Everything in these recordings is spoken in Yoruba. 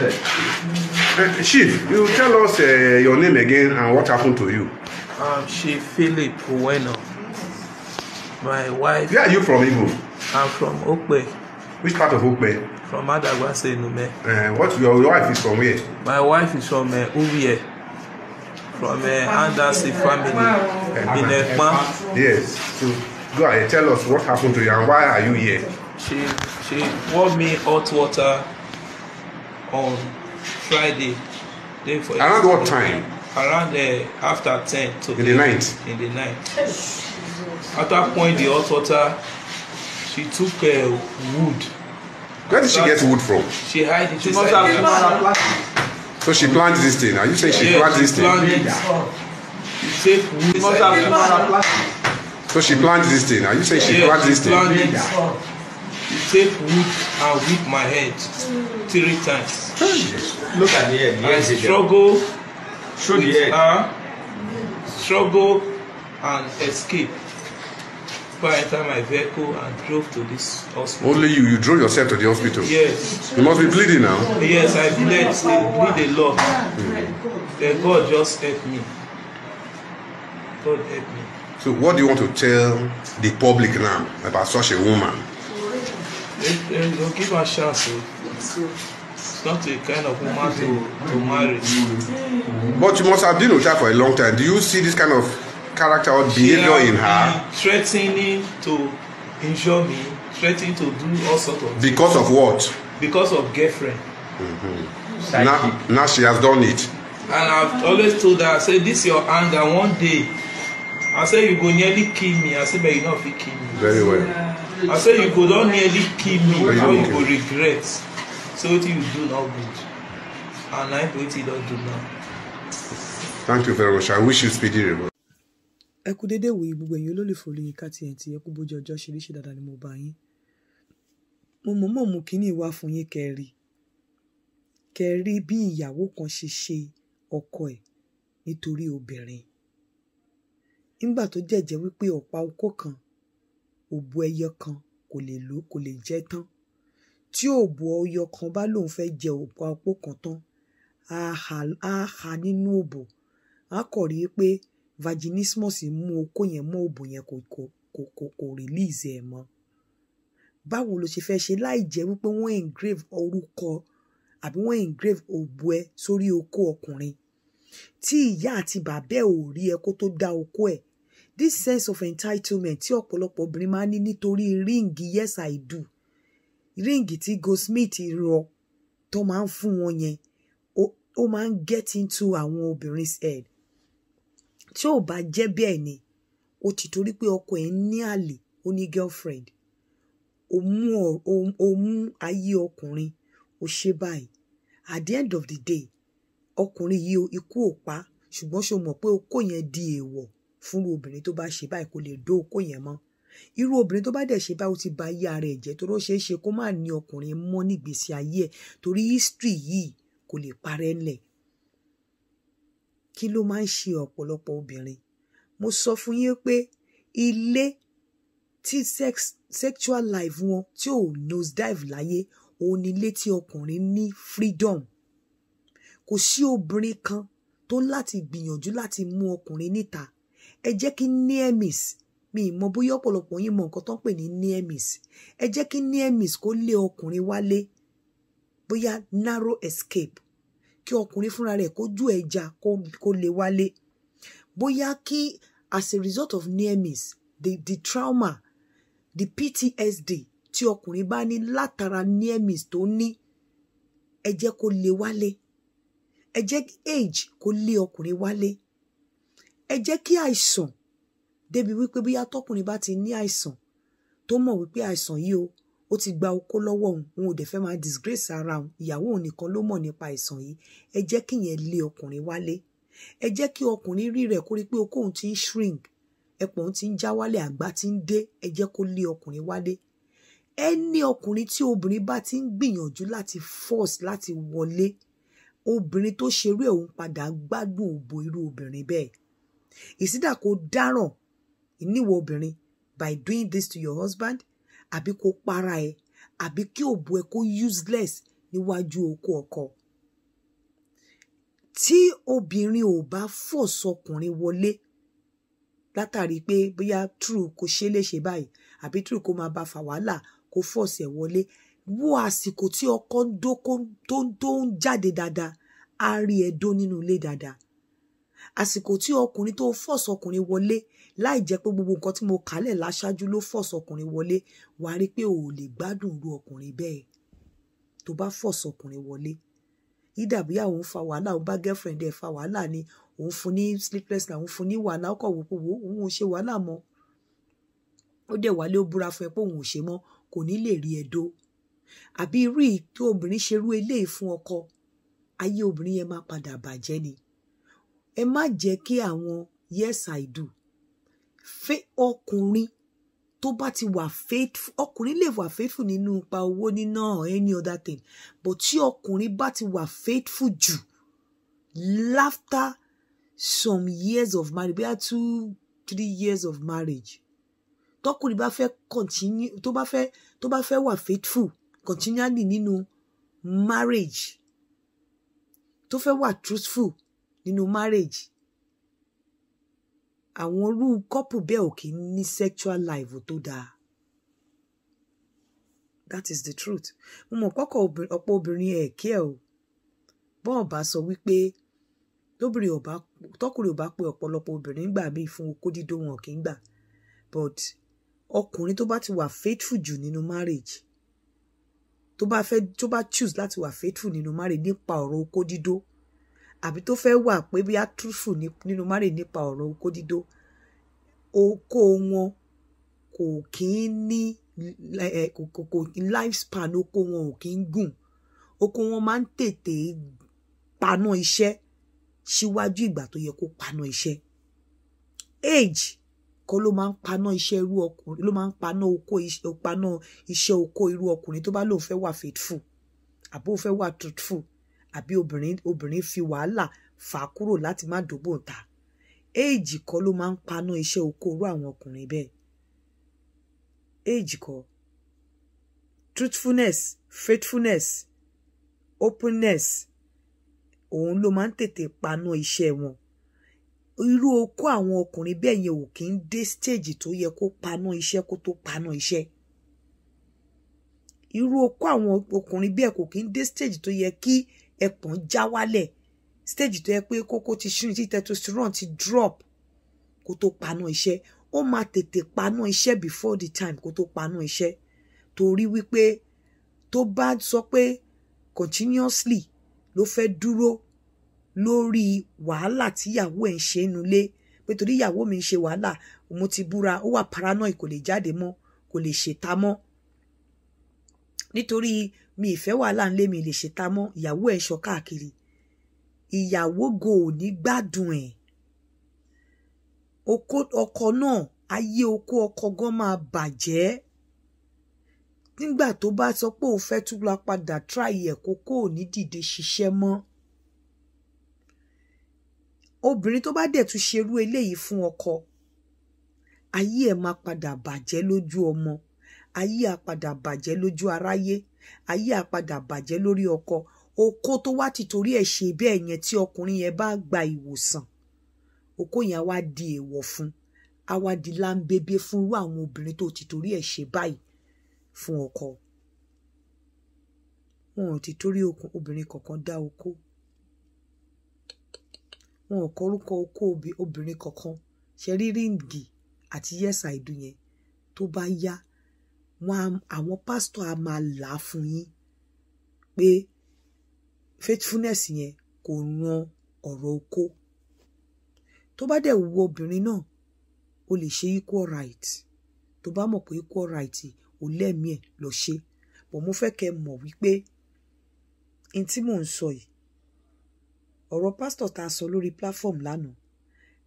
Uh, Chief, you tell us uh, your name again and what happened to you. Um, Chief Philip Uweno. My wife. Where are you from, Igbo? I'm from Okpe. Which part of Okpe? From Adagwase, Nume. Uh, what your wife is from where? My wife is from uh, Uvie. From uh, Andasi family uh, in Ekpa. Yes. So go ahead, tell us what happened to you and why are you here? She she brought me hot water on Friday. then for Around what time? Around uh, after ten to in the night. In the night. At that point, the hot water, she took uh, wood. Where did she get wood from? She hide it. She must have So she planted this thing. Are you saying she yeah, planted this thing? She take wood. She must have So she planted this thing. Are you saying she yeah, planted this thing? take wood and whip my head three times. Look at the head. The I struggle Show the head. her, struggle and escape. Before I entered my vehicle and drove to this hospital. Only you, you drove yourself to the hospital? Yes. You must be bleeding now. Yes, I bled, I bleed a lot. Mm. Then God just helped me. God helped me. So what do you want to tell the public now about such a woman? It, it, give her chance. It's not a kind of woman to, to marry. But you must have been with her for a long time. Do you see this kind of character or behavior in her? Threatening to injure me, threatening to do all sorts of things. Because of what? Because of girlfriend. Mm-hmm. Now, now she has done it. And I've always told her, I say, this your anger one day. I say, you go nearly kill me. I say, but you not know, fit kill me. Very well. Yeah. I so you go don nearly kill me before you go regret say wetin you do no good and na wetin you don do now. thank you very much i wish you speedy recovery. ẹ kú déédéé wòye gbogbo ẹ̀yin olólùfẹ́ Olóyinka TNT ẹ kú bójú ọjọ́ ṣe léṣe dáadáa ni mo bá yín mo mọ̀ mọ̀ mú kínní wá fún yín kẹrí kẹrí bí ìyàwó kan ṣe ṣe ọkọ ẹ̀ nítorí obìnrin nígbà tó jẹ́jẹ́ wípé ọ̀pá okó kan òbò ẹyẹ kan kò lè ló kò lè jẹ tán tí òbò ọyọ kan bá lòun fẹ́ jẹ òbò apó kan tán á ha nínú òbò á kọ̀ rí pé vaginismus mú okó yẹn mọ́ òbò yẹn kò kò kò kò kò release ẹ̀ mọ́ báwo lo ṣe fẹ́ ṣe láì jẹ́ wípé wọ́n engrave orúkọ àbí wọ́n engrave òbò ẹ sórí okó ọkùnrin tí ìyá àti bàbá ẹ ò rí ẹ kó tó dá okó ẹ̀ this sense of entitlement tí ọ̀pọ̀lọpọ̀ obìnrin máa ń ní nítorí ríǹgì yes i do ríǹgì tí goldsmith rọ tó máa ń fún wọn yẹn ó máa ń get into àwọn obìnrin head tí ò bá jẹ́ bẹ́ẹ̀ ni ó ti torí pé ọkọ ẹ̀ ní àlè ó ní girlfriend ó mú ayé ọkùnrin ó ṣe báyìí at the end of the day ọkùnrin yìí ikú ò pa ṣùgbọ́n ṣe mọ̀ pé okó yẹn di èèwọ̀ fún obìnrin tó bá ṣe báyìí kó lè dó okó yẹn mọ́ irú obìnrin tó bá dẹ̀ ṣe báyìí ó ti ba ayé ara ẹ̀ jẹ́ torí ó ṣeé ṣe kó má ní ọkùnrin mọ́ nígbèsí ayé ẹ̀ torí history yìí kò lè parẹ́ ńlẹ̀ kí ló máa ń ṣe ọ̀pọ̀lọpọ̀ obìnrin mo sọ fún yín pé ilé tí sex sexual life wọn tí ò nose dive láyé òun ni ilé tí ọkùnrin ní freedom kò sí obìnrin kan tó láti gbìyànjú láti mú ọkùnrin níta ẹ jẹ́ kí near miss mi ì mọ bóyá ọ̀pọ̀lọpọ̀ yín mọ nǹkan tó ń pè ní near miss ẹ jẹ́ kí near miss kó lé ọkùnrin wálé bóyá narrow escape kí ọkùnrin fúnra rẹ̀ kójú ẹja kó lè wálé bóyá kí as a result of near miss the the trauma the PTSD tí ọkùnrin bá ní látara near miss tó ní ẹ jẹ́ kó lè wálé ẹ jẹ́ age kó lé ọkùnrin wálé ẹ jẹ́ kí àìsàn débi wípé bóyá tọkùnrin bá ti ní àìsàn tó mọ̀ wípé àìsàn yìí o ó ti gba okó lọ́wọ́ òun òun ò dẹ̀ fẹ́ máa disgrace ara òun ìyàwó òun nìkan ló mọ̀ nípa àìsàn yìí ẹ jẹ́ kí yẹn lé ọkùnrin wálé ẹ jẹ́ kí ọkùnrin rí rẹ̀ kó rí pé okó òun ti ń shrink ẹpọ̀ òun ti ń já wálé àgbá ti ń dé ẹ jẹ́ kó lé ọkùnrin wálé ẹni ọkùnrin tí obìnrin bá ti ń gbìyànjú láti force láti wọlé obìnrin tó ṣerú ẹ̀ òun padà gbádùn òbò irú obìnrin bẹ́ẹ̀ ìsídà kò dáràn níwọ obìnrin by doing this to your husband àbí kò para ẹ àbí kí òbú ẹ kó useless níwájú okó oko. Ti obìnrin o ba fọ̀ sọkùnrin wole látàrí pé bóyá true kò ṣe é léṣe báyìí true kò máa ba fà wàhálà kò fọ̀sẹ̀ wọlé wo àsìkò tí ọkọ tó ń jáde dáadáa á rí ẹdó nínú ilé dáadáa àsìkò tí ọkùnrin tó fọ̀sọ̀ ọkùnrin wọlé láì jẹ́ pé gbogbo nǹkan tí mo kálẹ̀ láṣáájú ló fọ̀sọ̀ ọkùnrin wọlé wàá rí pé o ò lè gbádùn irú ọkùnrin bẹ́ẹ̀ tó bá fọ̀sọ̀ ọkùnrin wọlé ìdàbí àwọn fa wàhálà òun bá girlfriend ẹ̀ fa wàhálà ni òun fún ní sleepless na òun fún ní wàhálà ọkọ̀ wò pé òun ò ṣe wàhálà mọ́ ó dẹ̀ wálé ó búra fún ẹ pé òun ò ṣe mọ́ kò ní lè rí ẹ àbí irú tó obìnrin ṣerú eléyìí fún ọkọ ayé obìnrin yẹn máa padà bàjẹ́ ni ẹ má jẹ́ kí àwọn yes i do ọkùnrin tó bá ti wà faithful ọkùnrin lè wà faithful nínú ipa owó níná any other thing but tí ọkùnrin bá ti wà faithful jù after some years of marriage bóyá two three years of marriage tọkùnrin bá fẹ́ continue tó bá fẹ́ tó bá fẹ́ wà faithful continually nínú marriage tó fẹ́ wà truthful nínú marriage àwọn irú kọ́pù bẹ́ẹ̀ ò kì ní sexual life tó dáa that is the truth mo mọ̀ kọ́kọ́ ọ̀pọ̀ obìnrin ẹ̀ kí ẹ̀ o bọ́n bá sọ wípé lóbìnrin ọba tọkùnrin ọba pé ọ̀pọ̀lọpọ̀ obìnrin gbà mí fún okó dídó wọn kì í gbà but ọkùnrin tó bá ti wà faithful jù nínú marriage tó bá fẹ́ tó bá choose láti wà faithful nínú marriage nípa ọ̀rọ̀ okó dídó àbí tó fẹ́ wà pé bí atúfù nínú márè nípa ọ̀rọ̀ oko dídó oko wọn kò kí ń ní eh, kò lifespan oko wọn ò kí ń gùn oko wọn máa ń tètè paná iṣẹ́ síwájú ìgbà tó yẹ kó paná iṣẹ́ age kọ́ ló máa ń paná iṣẹ́ irú ọkùnrin ló máa ń paná oko iṣẹ́ paná iṣẹ́ oko irú ọkùnrin tó bá lóun fẹ́ wà faithful àbó fẹ́ wà truthful àbí obìnrin obìnrin fi wàhálà fà kúrò láti má dóbò ń ta éèjì kọ́ ló máa ń paná iṣẹ́ oko orú àwọn ọkùnrin bẹ́ẹ̀ éèjì kọ́ truthfulness faithfulness openness òun ló máa ń tètè paná iṣẹ́ wọn irú okó àwọn ọkùnrin bẹ́ẹ̀ yẹn ò kí ń dé stage tó yẹ kó paná iṣẹ́ kó tó paná iṣẹ́ irú okó àwọn ọkùnrin bẹ́ẹ̀ kò kí ń dé stage tó yẹ kí ẹpọ̀n já wálẹ̀ stage tó yẹ pé kókó ti ṣú tí testosterone ti drop kó tó paná iṣẹ́ ó máa tètè paná iṣẹ́ before the time kó tó paná iṣẹ́ torí wípé tó bá sọ pé continuously ló fẹ́ dúró lórí wàhálà tíyàwó ẹ̀ ń ṣe inú ilé pé torí ìyàwó mi ń ṣe wàhálà mo ti búra ó wà paranoid kò lè jáde mọ́ kò lè ṣèta mọ́ nítorí mi ìfẹ́ wàhálà ńlẹ̀ mi lè ṣe ta mọ́ ìyàwó ẹ̀ ṣọ káàkiri ìyàwó go ò ní gbádùn ẹ̀ ọkọ náà ayé oko ọkọ gan máa bàjẹ́ nígbà tó bá sọ pé òun fẹ́ tún la padà tíráyì ẹ̀ kókó ò ní dìde ṣiṣẹ́ mọ́ obìnrin tó bá dẹ̀ tún ṣerú eléyìí fún ọkọ ayé ẹ̀ máa padà bàjẹ́ lójú ọmọ ayé àpadà bàjẹ́ lójú aráyé ayé àpadà bàjẹ́ lórí ọkọ okó tó wá ti torí ẹ̀ ṣe bẹ́ẹ̀ yẹn tí ọkùnrin yẹn bá gba ìwòsàn okó yẹn wá di èèwọ̀ fún á wá di láńbébé fún irú àwọn obìnrin tó ti torí ẹ̀ ṣe báyìí fún ọkọ wọn ò ti torí obìnrin kankan dá okó wọn ò kọrúkọ okó obìnrin kankan ṣe rí ríǹgì àti yẹ́sà ìdú yẹn tó bá yá wọn àwọn pásítọ̀ á máa là á fún yín pé faithfulness yẹn kò ran ọ̀rọ̀ oko tó bá dẹ̀ wu obìnrin náà o lè ṣe equal right tó bá mọ̀ pé equal right ò lẹ́mìí ẹ̀ lọ ṣe bọ̀ mo fẹ́ kẹ́ ẹ mọ̀ wípé n tí mò ń sọ yìí ọ̀rọ̀ pásítọ̀ tá a sọ lórí platform lánàá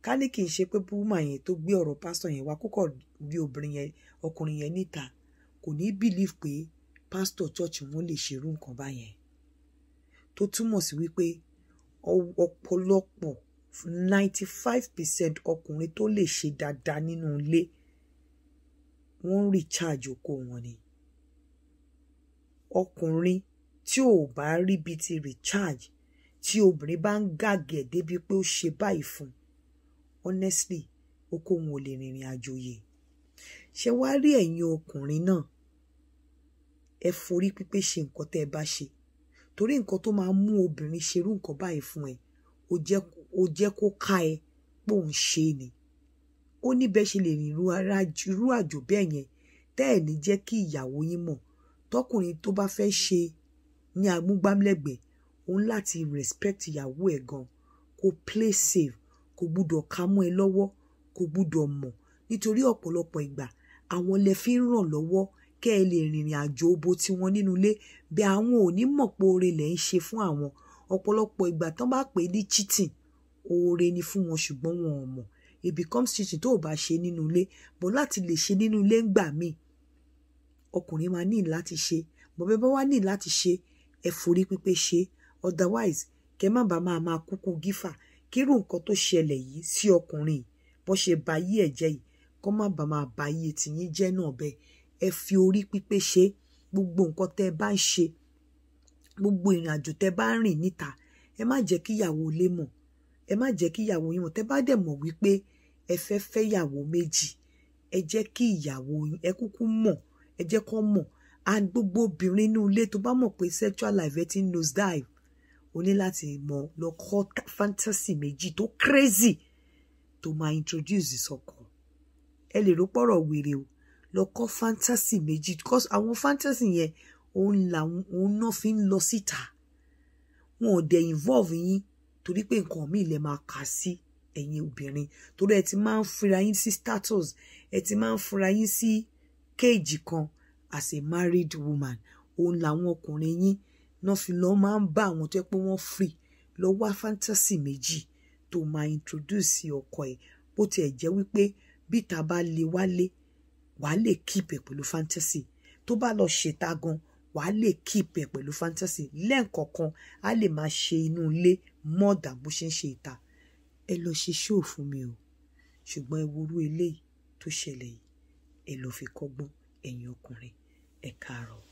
ká ní kì í ṣe pé búmà yẹn tó gbé ọ̀rọ̀ pásítọ̀ yẹn wá kókò rí obìnrin yẹn ọkùnrin yẹn níta kò ní believe pé pásítọ̀ chọ́ọ̀chì wọn lè ṣerú nǹkan báyẹn tó túmọ̀ sí wípé ọ̀pọ̀lọpọ̀ ninety five percent ọkùnrin tó lè ṣe dáadáa nínú ilé wọ́n ń recharge oko wọn ni ọkùnrin tí ò bá rí bíi ti recharge tí obìnrin bá ń gàgẹ̀ débi pé ó ṣe báyìí fún honestly oko wọn ò lè rìnrìn àjò yìí ṣe wá rí ẹ̀yin ọkùnrin náà ẹ forí pípé ṣe nǹkan tẹ́ ẹ bá ṣe torí nǹkan tó máa mú obìnrin ṣerú nǹkan báyìí fún ẹ ó jẹ́ kó ká ẹ pé òun ṣe ni ó ní bẹ́ẹ̀ ṣe lè rìn irú àjò bẹ́ẹ̀ yẹn tẹ́ ẹ̀ ní jẹ́ kí ìyàwó yín mọ̀ tọkùnrin tó bá fẹ́ ṣe ní amúgbámlẹ́gbẹ̀ẹ́ òun láti respect ìyàwó ẹ̀ gan kó play safe kò gbúdọ̀ ká mọ́ ẹ lọ́wọ́ kò gbúdọ̀ mọ̀ nítorí ọ̀pọ̀lọpọ̀ ìgbà àwọn lè fi ń ràn lọ́wọ́ kẹ́ ẹ lè rìnrìn àjò obo tiwọn nínú ilé bí àwọn ò mọ̀ pé oore lẹ̀ ń ṣe fún àwọn ọ̀pọ̀lọpọ̀ ìgbà tán bá pè é ní cheating oore ni fún wọn ṣùgbọ́n wọn ò mọ̀ it becomes cheating tó o bá ṣe nínú ilé bọ́ láti lè ṣe nínú ilé ń gbà míì ọkùnrin máa ní láti ṣe bọ́bẹ́ bá wá ní láti ṣe ẹ forí pípé ṣe otherwise kẹ má bàa máa máa kúkú gífà kírú nǹkan tó ṣẹlẹ̀ yìí sí ọkùnrin bó ṣe ba yí ẹ̀jẹ̀ yìí kó má bàa máa ba iye tìyín jẹ́ náà bẹ́ẹ̀ ẹ fi orí pípé ṣe gbogbo nǹkan tẹ́ ẹ bá ń ṣe gbogbo ìrìn àjò tẹ́ ẹ bá ń rìn níta ẹ má jẹ́ kí ìyàwó ilé mọ̀ ẹ má jẹ́ kí ìyàwó yín mọ̀ tẹ́ bá dẹ̀ mọ̀ wípé ẹ fẹ́ fẹ́ ìyàwó méjì ẹ jẹ́ kí ìyàwó ẹ kúkú mọ̀ ẹ jẹ́ kó mọ̀ and gbogbo obìnrin inú ilé tó bá mọ̀ pé sexual life ti ń nose dive o ní láti mọ̀ lọ kọ́ fantasy méjì tó crazy tó máa introduce ìsọkọ ẹ lè rò pọ̀rọ̀ wèrè o lọ kọ́ fantasy méjì because àwọn fantasy yẹn òun làwọn òun náà fi ń lọ síta wọn ò dẹ̀ involve yín torí pé nǹkan míì lè máa kà sí ẹ̀yin obìnrin torí ẹ ti máa ń fira yín sí status ẹ ti máa ń fira yín sí kéèjì kan as a married woman òun làwọn ọkùnrin yín náà fi lọ máa ń bá àwọn tó yẹ pé wọ́n free lọ wá fantasy méjì tó máa introduce ọkọ ẹ̀ bó tiẹ̀ jẹ́ wípé bíta bá lè wálé wàá lè kíìpẹ̀ pẹ̀lú fantasy tó bá lọ ṣèta gan wàá lè kíìpẹ̀ pẹ̀lú fantasy lẹ́ǹkọ̀ọ̀kan á lè máa ṣe inú ilé mọ́ọ̀dà bó ṣe ń ṣe ìta ẹ lọ ṣe ṣóò fún mi o ṣùgbọ́n ẹ eléyìí tó ṣẹlẹ̀ yìí ẹ lọ fi kọ́gbọ́n ẹ̀yin ọkùnrin ẹ káàárọ̀.